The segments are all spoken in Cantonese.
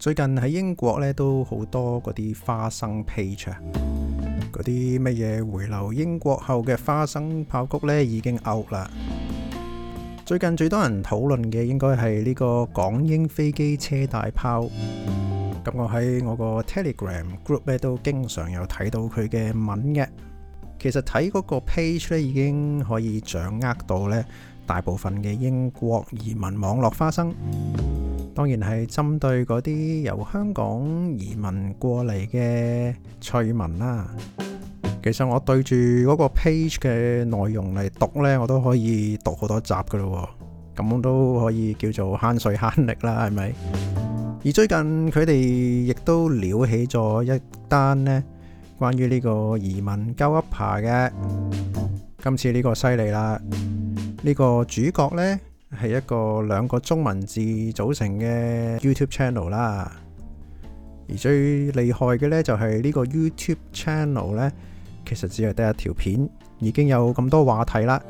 最近喺英國咧都好多嗰啲花生 page，嗰啲乜嘢回流英國後嘅花生爆谷呢已經 out 啦。最近最多人討論嘅應該係呢個港英飛機車大炮，咁我喺我個 telegram group 咧都經常有睇到佢嘅文嘅。其實睇嗰個 page 呢已經可以掌握到呢大部分嘅英國移民網絡花生。當然係針對嗰啲由香港移民過嚟嘅趣聞啦。其實我對住嗰個 page 嘅內容嚟讀呢，我都可以讀好多集噶咯。咁都可以叫做慳水慳力啦，係咪？而最近佢哋亦都撩起咗一單呢關於呢個移民交一筆嘅。今次呢個犀利啦，呢、呢個主角呢。係一個兩個中文字組成嘅 YouTube Channel 啦。而最厲害嘅呢，就係呢個 YouTube Channel 呢，其實只係得一條片，已經有咁多話題啦。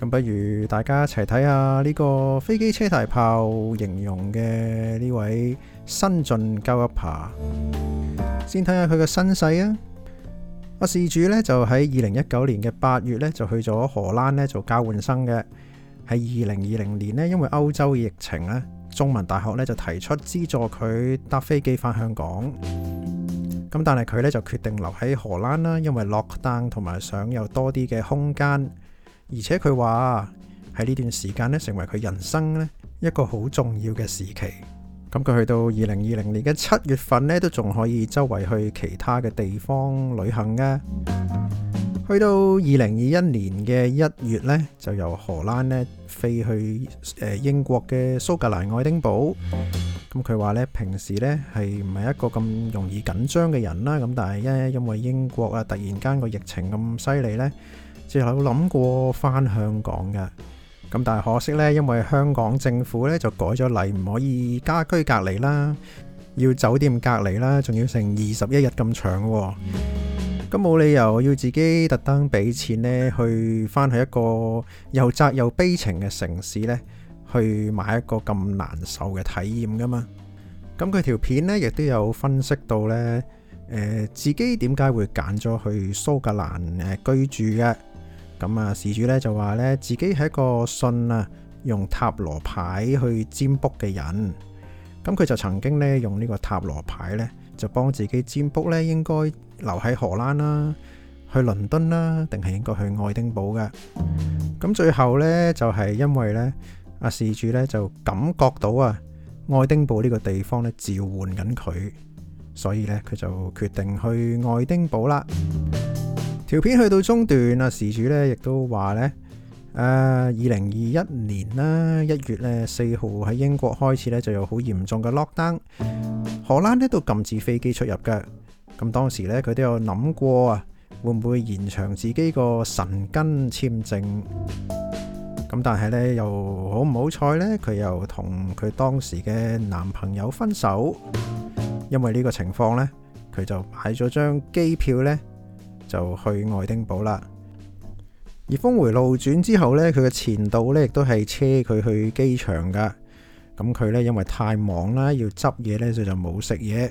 咁不如大家一齊睇下呢個飛機車大炮形容嘅呢位新晉交易爬。先睇下佢嘅身世啊。阿事主呢，就喺二零一九年嘅八月呢，就去咗荷蘭呢做交換生嘅。喺二零二零年呢，因為歐洲疫情咧，中文大學呢就提出資助佢搭飛機返香港。咁但係佢呢就決定留喺荷蘭啦，因為 lockdown 同埋想有多啲嘅空間。而且佢話喺呢段時間呢，成為佢人生呢一個好重要嘅時期。咁佢去到二零二零年嘅七月份呢，都仲可以周圍去其他嘅地方旅行嘅。去到二零二一年嘅一月呢，就由荷蘭呢飛去誒英國嘅蘇格蘭愛丁堡。咁佢話呢，平時呢係唔係一個咁容易緊張嘅人啦？咁但係呢，因為英國啊突然間個疫情咁犀利呢，之後諗過翻香港㗎。咁但係可惜呢，因為香港政府呢就改咗例，唔可以家居隔離啦，要酒店隔離啦，仲要成二十一日咁長喎。咁冇理由要自己特登俾錢呢，去翻去一個又窄又悲情嘅城市呢，去買一個咁難受嘅體驗噶嘛？咁佢條片呢，亦都有分析到呢，誒、呃，自己點解會揀咗去蘇格蘭誒居住嘅？咁啊，事主呢就話呢，自己係一個信啊，用塔羅牌去占卜嘅人。咁佢就曾經呢，用呢個塔羅牌呢，就幫自己占卜呢應該。留喺荷蘭啦、啊，去倫敦啦、啊，定係應該去愛丁堡嘅。咁最後呢，就係、是、因為呢阿、啊、事主呢，就感覺到啊，愛丁堡呢個地方呢，召喚緊佢，所以呢，佢就決定去愛丁堡啦。條片去到中段啊，事主呢亦都話呢，誒二零二一年啦、啊、一月呢，四號喺英國開始呢，就有好嚴重嘅 lockdown，荷蘭呢度禁止飛機出入嘅。咁當時咧，佢都有諗過啊，會唔會延長自己個神根簽證？咁但係咧，又好唔好彩咧，佢又同佢當時嘅男朋友分手，因為呢個情況咧，佢就買咗張機票咧，就去愛丁堡啦。而峰迴路轉之後咧，佢嘅前度咧亦都係車佢去機場噶。咁佢咧因為太忙啦，要執嘢咧，佢就冇食嘢。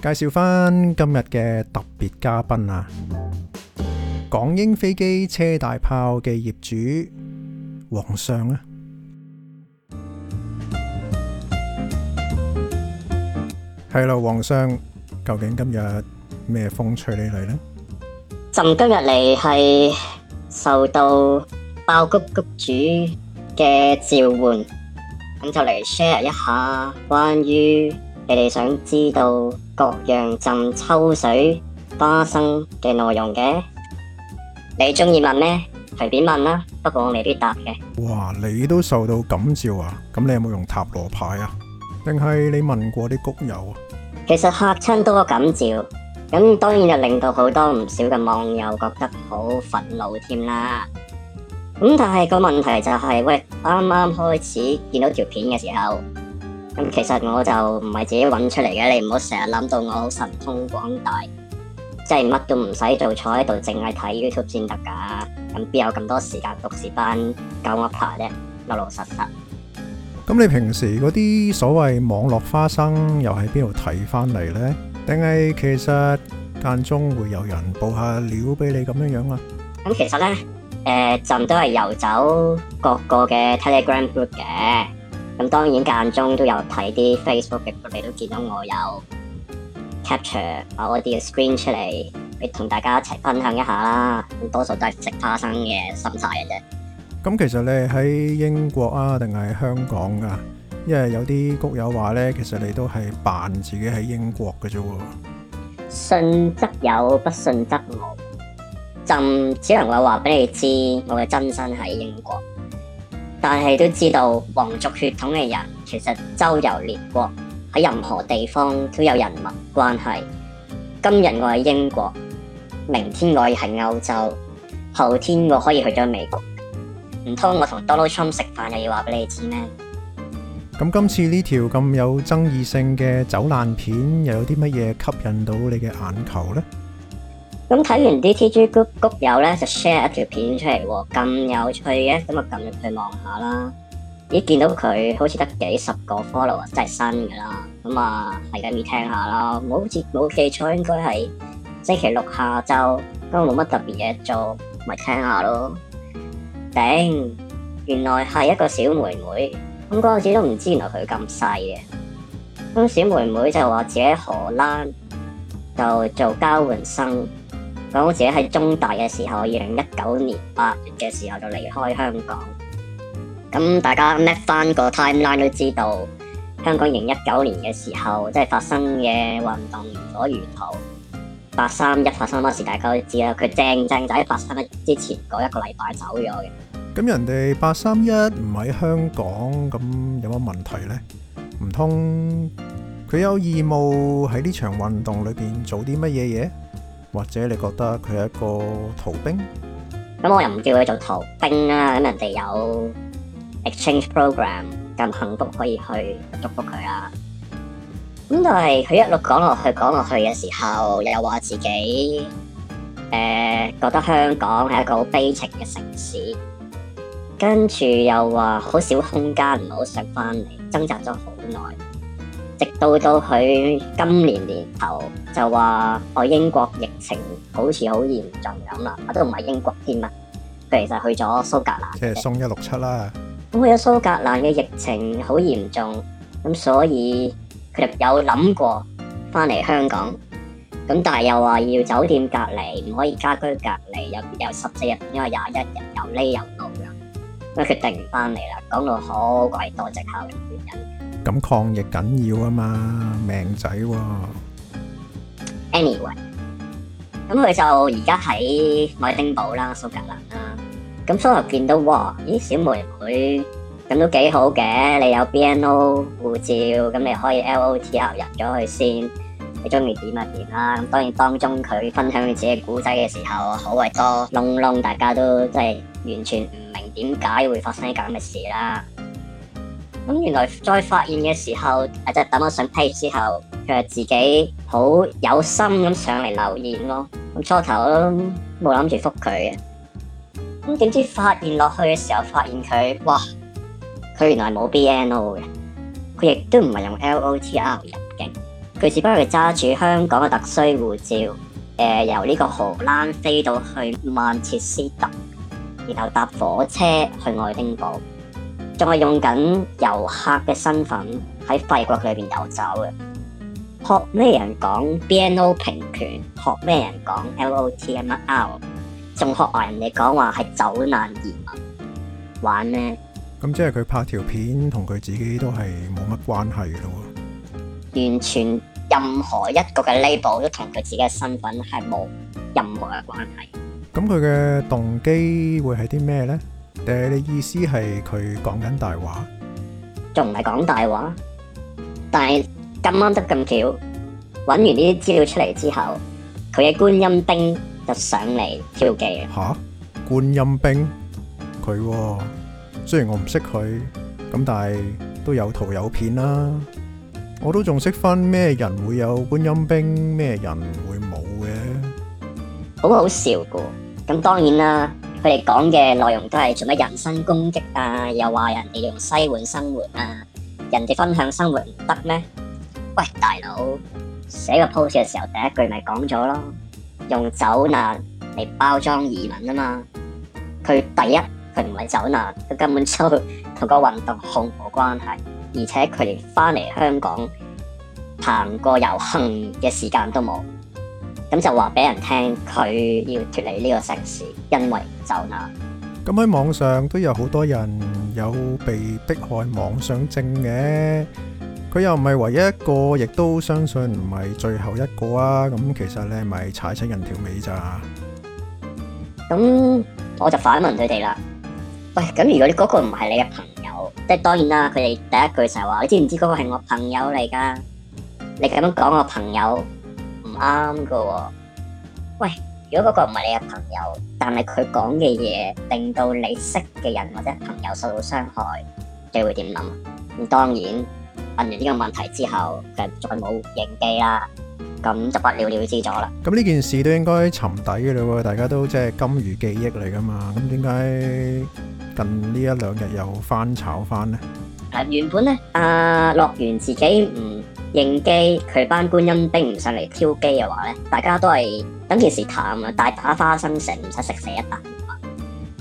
介紹返今日嘅特別嘉賓啊！港英飛機車大炮嘅業主皇上咧，係啦，皇上，究竟今日咩風吹你嚟呢？朕今日嚟係受到爆谷谷主嘅召喚，咁就嚟 share 一下關於。你哋想知道各樣浸抽水花生嘅內容嘅？你中意問咩？隨便問啦，不過我未必答嘅。哇！你都受到感召啊？咁你有冇用塔羅牌啊？定係你問過啲谷友啊？其實吓親都感召，咁當然就令到好多唔少嘅網友覺得好憤怒添啦。咁但係個問題就係、是、喂，啱啱開始見到條片嘅時候。咁其實我就唔係自己揾出嚟嘅，你唔好成日諗到我好神通廣大，即係乜都唔使做，坐喺度淨係睇 YouTube 先得㗎。咁邊有咁多時間讀書班教鵪鶉呢？老老實實。咁你平時嗰啲所謂網絡花生又喺邊度睇翻嚟呢？定係其實間中會有人報下料俾你咁樣樣啊？咁其實呢，誒、呃、朕都係遊走各個嘅 Telegram group 嘅。咁當然間中都有睇啲 Facebook 嘅，你都見到我有 capture 把我啲嘅 screen 出嚟，你同大家一齊分享一下啦。咁多數都係食花生嘅心態嘅啫。咁其實你喺英國啊，定係香港啊？因為有啲谷友話咧，其實你都係扮自己喺英國嘅啫喎。信則有，不信則無。朕只能夠話俾你知，我嘅真身喺英國。但係都知道，皇族血統嘅人其實周遊列國，喺任何地方都有人脈關係。今日我喺英國，明天我亦喺歐洲，後天我可以去咗美國。唔通我同 Donald Trump 食飯又要話俾你知咩？咁今次呢條咁有爭議性嘅走爛片，又有啲乜嘢吸引到你嘅眼球呢？咁睇完啲 T G Group 谷友咧，就 share 一條片出嚟喎，咁有趣嘅，咁就撳入去望下啦。咦，見到佢好似得幾十個 follower，真係新㗎啦。咁啊，係咪聽下啦？好似冇記錯，應該係星期六下晝，咁冇乜特別嘢做，咪聽下囉。頂、呃，原來係一個小妹妹，咁嗰次都唔知原來佢咁細嘅。咁小妹妹就話自己喺荷蘭就做交換生。講自己喺中大嘅時候，二零一九年八月嘅時候就離開香港。咁大家 map 翻個 timeline 都知道，香港二零一九年嘅時候即係發生嘅運動，如火如荼。八三一發生乜事，大家都知啦，佢正正就喺八三一之前嗰一個禮拜走咗嘅。咁人哋八三一唔喺香港，咁有乜問題呢？唔通佢有義務喺呢場運動裏邊做啲乜嘢嘢？或者你覺得佢係一個逃兵？咁我又唔叫佢做逃兵啦。咁人哋有 exchange program 咁幸福，可以去祝福佢啊。咁但係佢一路講落去講落去嘅時候，又話自己誒、呃、覺得香港係一個好悲情嘅城市，跟住又話好少空間，唔好想翻嚟，掙扎咗好耐。直到到佢今年年頭就話：我英國疫情好似好嚴重咁啦，我都唔係英國添啊！佢其實去咗蘇格蘭，即係松一六七啦。咁去咗蘇格蘭嘅疫情好嚴重，咁所以佢哋有諗過翻嚟香港，咁但係又話要酒店隔離，唔可以家居隔離，又又十四日，因為廿一日，又呢又多噶，咁啊決定唔翻嚟啦。講到好鬼多藉口嘅原因。咁抗疫緊要啊嘛，命仔喎。Anyway，咁佢就而家喺愛丁堡啦，蘇格蘭啦。咁蘇格見到，哇，咦，小妹妹，咁都幾好嘅。你有 BNO 護照，咁你可以 LOTR 入咗去先。你中意點啊點啦。咁當然當中佢分享自己古仔嘅時候，可謂多窿窿，大家都真係完全唔明點解會發生啲咁嘅事啦。咁原來再發現嘅時候，即係等我上 page 之後，佢係自己好有心咁上嚟留言咯。咁初頭都冇諗住覆佢嘅。咁點知發現落去嘅時候，發現佢，哇！佢原來冇 BNO 嘅，佢亦都唔係用 LOTR 入境，佢只不過係揸住香港嘅特需護照，誒，由呢個荷蘭飛到去曼切斯特，然後搭火車去愛丁堡。仲係用緊遊客嘅身份喺廢國裏邊遊走嘅，學咩人講 BNO 平權，學咩人講 LOTMR，仲學外人哋講話係走難移民玩咩？咁即係佢拍條片同佢自己都係冇乜關係嘅咯。完全任何一個嘅 label 都同佢自己嘅身份係冇任何嘅關係。咁佢嘅動機會係啲咩咧？誒，你意思係佢講緊大話？仲唔係講大話？但係今晚得咁巧，搵完呢啲資料出嚟之後，佢嘅觀音兵就上嚟挑機啦！吓、啊，觀音兵？佢、哦、雖然我唔識佢，咁但係都有圖有片啦、啊，我都仲識翻咩人會有觀音兵，咩人會冇嘅？好好笑噶，咁當然啦。佢哋講嘅內容都係做乜人身攻擊啊？又話人哋用西換生活啊？人哋分享生活唔得咩？喂，大佬寫個 post 嘅時候，第一句咪講咗咯，用走難嚟包裝移民啊嘛。佢第一，佢唔係走難，佢根本就同個運動毫無關係，而且佢連返嚟香港行過遊行嘅時間都冇。咁就話俾人聽，佢要脫離呢個城市，因為就啦，咁喺網上都有好多人有被迫害妄想症嘅，佢又唔係唯一一個，亦都相信唔係最後一個啊！咁其實你係咪踩親人條尾咋？咁我就反問佢哋啦。喂、哎，咁如果你嗰個唔係你嘅朋友，即係當然啦，佢哋第一句就係話：你知唔知嗰個係我朋友嚟噶？你咁樣講我朋友？啱㗎喎，喂，如果嗰個唔係你嘅朋友，但係佢講嘅嘢令到你識嘅人或者朋友受到傷害，你會點諗？咁當然，問完呢個問題之後，就再冇應記啦，咁就不了了之咗啦。咁呢件事都應該沉底嘅啦，大家都即係金魚記憶嚟噶嘛，咁點解近呢一兩日又翻炒翻呢？誒，原本咧，阿樂園自己唔。嗯應機佢班觀音兵唔上嚟挑機嘅話咧，大家都係等件事淡啊，大把花生，成唔使食死一啖。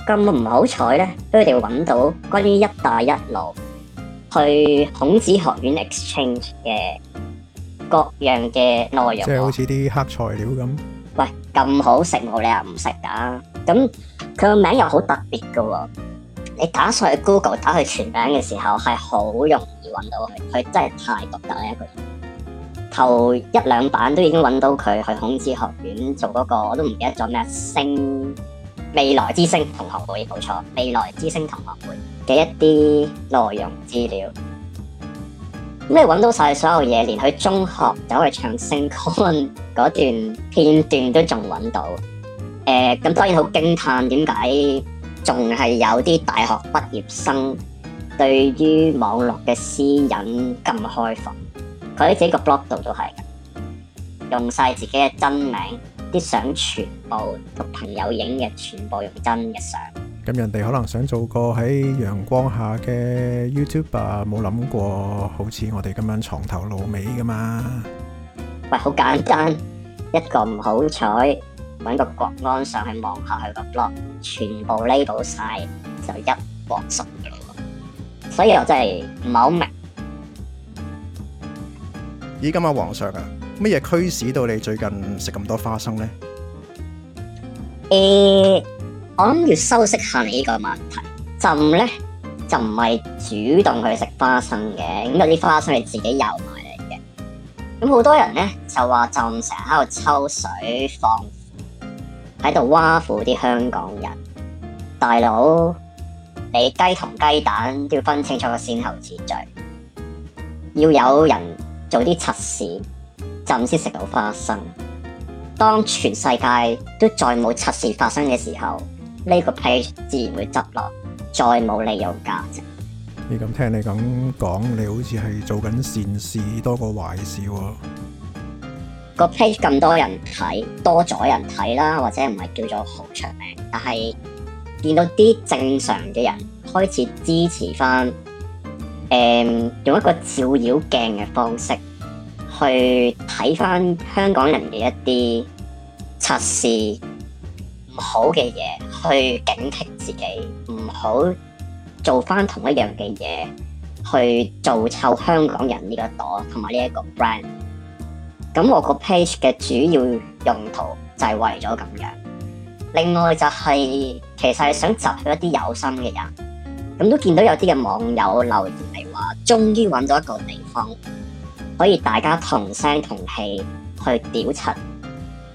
咁唔好彩咧，俾佢哋揾到關於一帶一路去孔子學院 exchange 嘅各樣嘅內容。即係好似啲黑材料咁。喂，咁好食我你又唔食啊？咁佢個名又好特別噶，你打上去 Google 打去全名嘅時候係好用。揾到佢，佢真係太獨特啦！一個人，頭一兩版都已經揾到佢去孔子學院做嗰、那個，我都唔記得咗咩星未來之星同學會，冇錯，未來之星同學會嘅一啲內容資料。咩你揾到晒所有嘢，連佢中學走去唱星 con 嗰段片段都仲揾到。誒、呃，咁當然好驚嘆，點解仲係有啲大學畢業生？對於網絡嘅私隱咁開放，佢喺自己個 blog 度都係嘅，用曬自己嘅真名，啲相全部同朋友影嘅，全部用真嘅相。咁人哋可能想做個喺陽光下嘅 YouTuber，冇諗過好似我哋咁樣藏頭露尾噶嘛？喂，好簡單，一個唔好彩，揾個國安上去望下佢個 blog，全部 label 曬就一鑊熟。所以我真係唔係好明，今日啊，皇上啊，乜嘢驅使到你最近食咁多花生咧？誒、欸，我諗要修飾下你呢個問題。朕咧就唔係主動去食花生嘅，咁啲花生係自己游埋嚟嘅。咁好多人咧就話朕成日喺度抽水放風，喺度挖苦啲香港人。大佬。你雞同雞蛋都要分清楚個先後次序，要有人做啲測試，朕先食到花生。當全世界都再冇測試發生嘅時候，呢個 page 自然會執落，再冇利用價值。你咁聽你咁講，你好似係做緊善事多過壞事喎。個 page 咁多人睇，多咗人睇啦，或者唔係叫做好出名，但係。見到啲正常嘅人開始支持翻，嗯，用一個照妖鏡嘅方式去睇翻香港人嘅一啲測試唔好嘅嘢，去警惕自己唔好做翻同一樣嘅嘢，去做臭香港人呢個朵同埋呢一個 brand。咁我個 page 嘅主要用途就係為咗咁樣。另外就係其實係想集去一啲有心嘅人，咁都見到有啲嘅網友留言嚟，話，終於揾到一個地方，可以大家同聲同氣去屌柒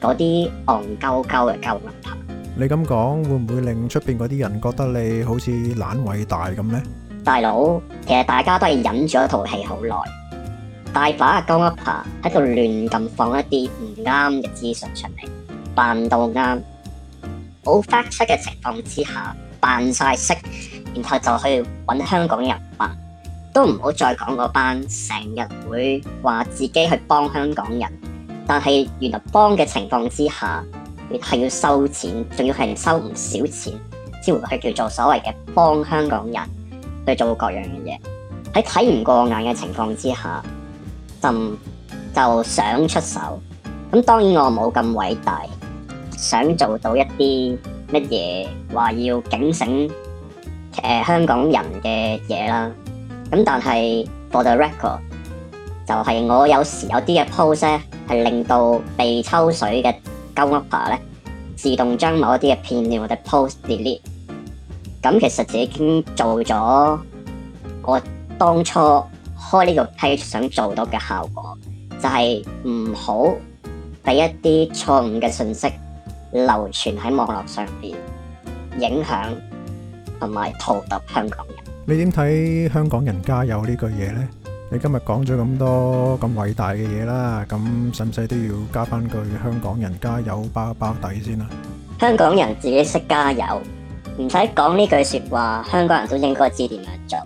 嗰啲戇鳩鳩嘅鳩泥巴。你咁講會唔會令出邊嗰啲人覺得你好似懶偉大咁呢？大佬，其實大家都係忍咗一套戲好耐，大把嘅鳩泥巴喺度亂咁放一啲唔啱嘅資訊出嚟，扮到啱，冇 fact check 嘅情況之下，扮晒色，然後就去揾香港人幫，都唔好再講嗰班成日會話自己去幫香港人，但係原來幫嘅情況之下，係要收錢，仲要係收唔少錢，先去叫做所謂嘅幫香港人去做各樣嘅嘢。喺睇唔過眼嘅情況之下，就就想出手。咁當然我冇咁偉大。想做到一啲乜嘢，話要警醒誒、呃、香港人嘅嘢啦。咁但係 for the record，就係我有時有啲嘅 post 咧，係令到被抽水嘅 uploader 咧，自動將某一啲嘅片段或者 post delete。咁其實自己已經做咗我當初開呢個 page 想做到嘅效果，就係唔好俾一啲錯誤嘅信息，流傳喺網絡上邊，影響同埋荼毒香港人。你點睇香港人加油呢句嘢呢？你今日講咗咁多咁偉大嘅嘢啦，咁使唔使都要加翻句香港人加油包包底先啦！香港人自己識加油，唔使講呢句說話。香港人都應該知點樣做，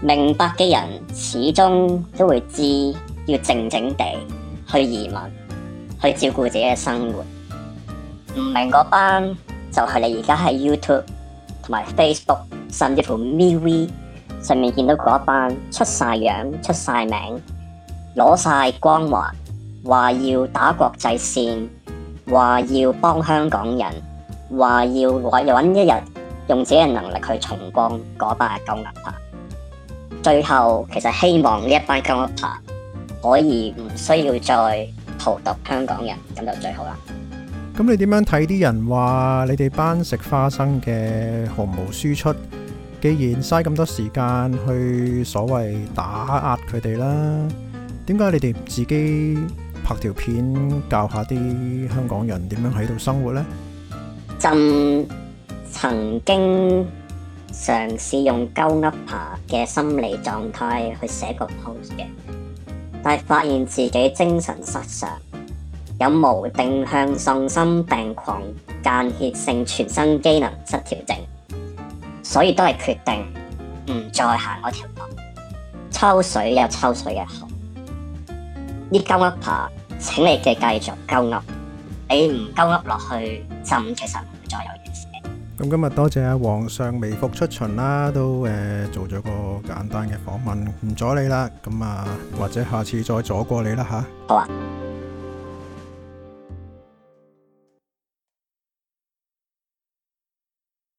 明白嘅人始終都會知要靜靜地去移民，去照顧自己嘅生活。唔明嗰班就係、是、你而家喺 YouTube 同埋 Facebook 甚至乎 MiV 上面見到嗰班出晒樣、出晒名、攞晒光環，話要打國際線，話要幫香港人，話要揾一日用自己嘅能力去重光嗰班嘅金牙牌。最後其實希望呢一班金牙牌可以唔需要再荼毒香港人，咁就最好啦。咁你點樣睇啲人話你哋班食花生嘅毫無輸出？既然嘥咁多時間去所謂打壓佢哋啦，點解你哋唔自己拍條片教下啲香港人點樣喺度生活呢？朕曾經嘗試用鳩噏爬嘅心理狀態去寫個 post 嘅，但係發現自己精神失常。有無定向喪心病狂間歇性全身機能失調症，所以都係決定唔再行嗰條路。抽水有抽水嘅河，啲鳩噏爬，請你嘅繼續鳩噏。你唔鳩噏落去朕其實唔會再有意思。咁今日多謝阿皇上微服出巡啦，都誒、呃、做咗個簡單嘅訪問，唔阻你啦。咁啊，或者下次再阻過你啦吓。好啊。